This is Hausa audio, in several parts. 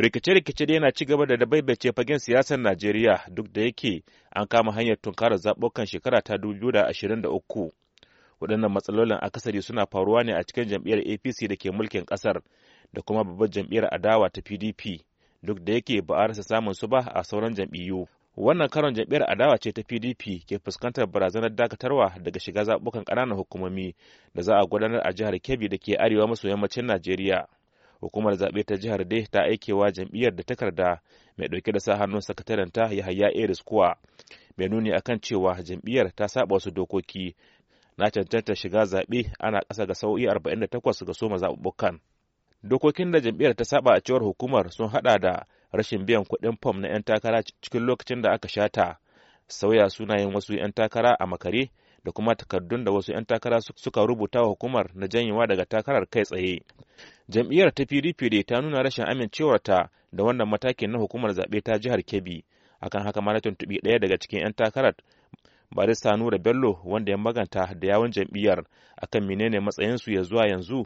rikice-rikice dai yana ci gaba da dabaibace fagen siyasar najeriya duk da yake an kama hanyar tunkarar zaɓukan shekara ta 2023 waɗannan matsalolin akasari suna faruwa ne a cikin jam'iyyar apc da ke mulkin ƙasar da kuma babbar jam'iyyar adawa ta pdp duk da yake ba a rasa samun su ba a sauran jam'iyyu wannan karon jam'iyyar adawa ce ta pdp ke fuskantar barazanar dakatarwa daga shiga zaɓukan ƙananan hukumomi da za a gudanar a jihar kebbi da ke arewa maso yammacin najeriya hukumar zaɓe ta jihar dai ta aikewa jam'iyyar da takarda mai ɗauke da sa hannun sakatarenta haya eris kuwa mai nuni akan cewa jam'iyyar ta saba wasu dokoki na cancanta shiga zaɓe ana ƙasa ga sau'i 48 ga soma zaɓuɓɓukan dokokin da jam'iyyar ta saba a cewar hukumar sun haɗa da rashin biyan kuɗin fam na 'yan takara cikin lokacin da aka shata sauya sunayen wasu 'yan takara a makare da kuma takardun da wasu 'yan takara suka rubuta wa hukumar na janyewa daga takarar kai tsaye jam'iyyar ta pdp da ta nuna rashin amincewarta da wannan matakin na hukumar zaɓe ta jihar kebbi akan haka ma tuntuɓi ɗaya daga cikin 'yan takarar barista nura bello wanda ya maganta da yawon jam'iyyar akan menene su ya zuwa yanzu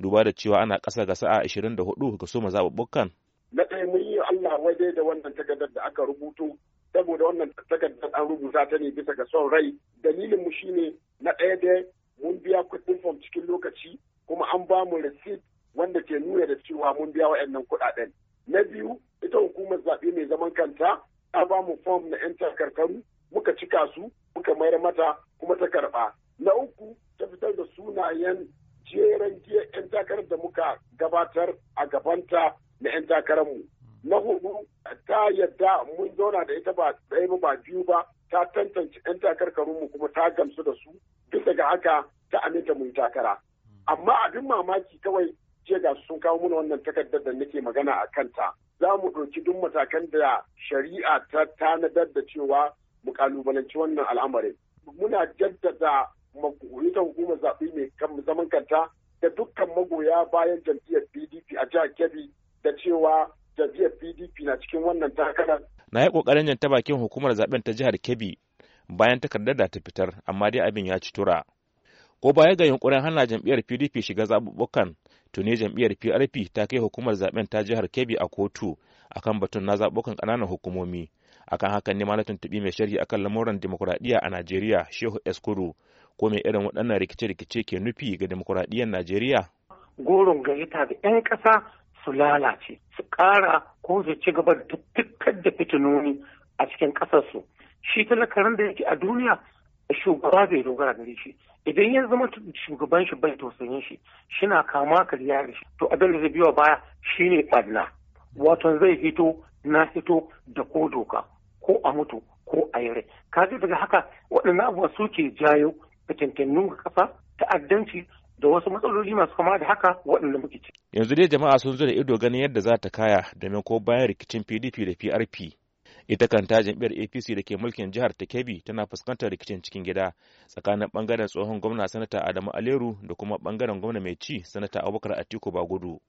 duba da cewa ana ƙasa ga sa'a 24 ga soma zaɓuɓɓukan. na ɗaya mun yi allah waje da wannan takardar da aka rubuto saboda wannan takardar an rubuta ta ne bisa ga son rai dalilin mu shine na ɗaya dai mun biya kuɗin fom cikin lokaci kuma an ba mu receipt wanda ke nuna da cewa mun biya wa'annan kuɗaɗen. Na biyu ita hukumar zaɓe mai zaman kanta ta ba mu fom na 'yan takarkaru muka cika su muka mayar mata kuma ta karɓa. Na uku ta fitar da sunayen jeren giya 'yan takarar da muka gabatar a gabanta na 'yan takararmu. Na hudu ta yadda mun zauna da ita ba ɗaya ba ba biyu ba ta tantance 'yan takarkarunmu kuma ta gamsu da su duk daga haka ta aminta mun takara. Amma abin mamaki kawai jiya ga sun kawo mana wannan takardar da nake magana a kanta za mu ɗauki duk matakan da shari'a ta tanadar da cewa mu kalubalanci wannan al'amarin muna jaddada ita hukumar zaɓe mai zaman kanta da dukkan magoya bayan jam'iyyar pdp a jihar kebbi da cewa jam'iyyar pdp na cikin wannan takarar na yi ƙoƙarin yin ta bakin hukumar zaɓen ta jihar kebbi bayan takardar da ta fitar amma dai abin ya ci tura ko baya ga yunkurin hana jam'iyyar pdp shiga zaɓuɓɓukan tuni jam'iyyar PRP ta kai hukumar zaben ta jihar Kebbi a kotu akan batun na zaɓukan kananan hukumomi. Akan hakan ne ma na tuntuɓi mai sharhi akan lamuran demokuraɗiyya a Najeriya Shehu Eskuru ko mai irin waɗannan rikice-rikice ke nufi ga demokuraɗiyyar Najeriya. Goron gayyata da 'yan ƙasa su lalace su ƙara ko su ci gaba da dukkan da fitinoni a cikin ƙasarsu. Shi talakarin da yake a duniya shugaba bai dogara gare shi idan ya zama shugaban shi bai tausayin shi shina kama ka da shi to abin da zai biyo baya shine barna wato zai hito na hito da ko doka ko a mutu ko a yare kaga daga haka waɗannan abubuwa suke jayo da ga ƙasa ta'addanci da wasu matsaloli masu kama da haka waɗanda muke ci. Yanzu dai jama'a sun zo da ido ganin yadda za ta kaya da ko bayan rikicin PDP da PRP ita kanta jam'iyyar apc da ke mulkin jihar ta kebbi tana fuskantar rikicin cikin gida tsakanin bangaren tsohon gwamna sanata adamu aleru da kuma bangaren gwamna mai ci sanata abubakar atiku bagudu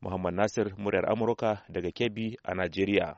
muhammad nasir muryar amurka daga kebbi a nigeria.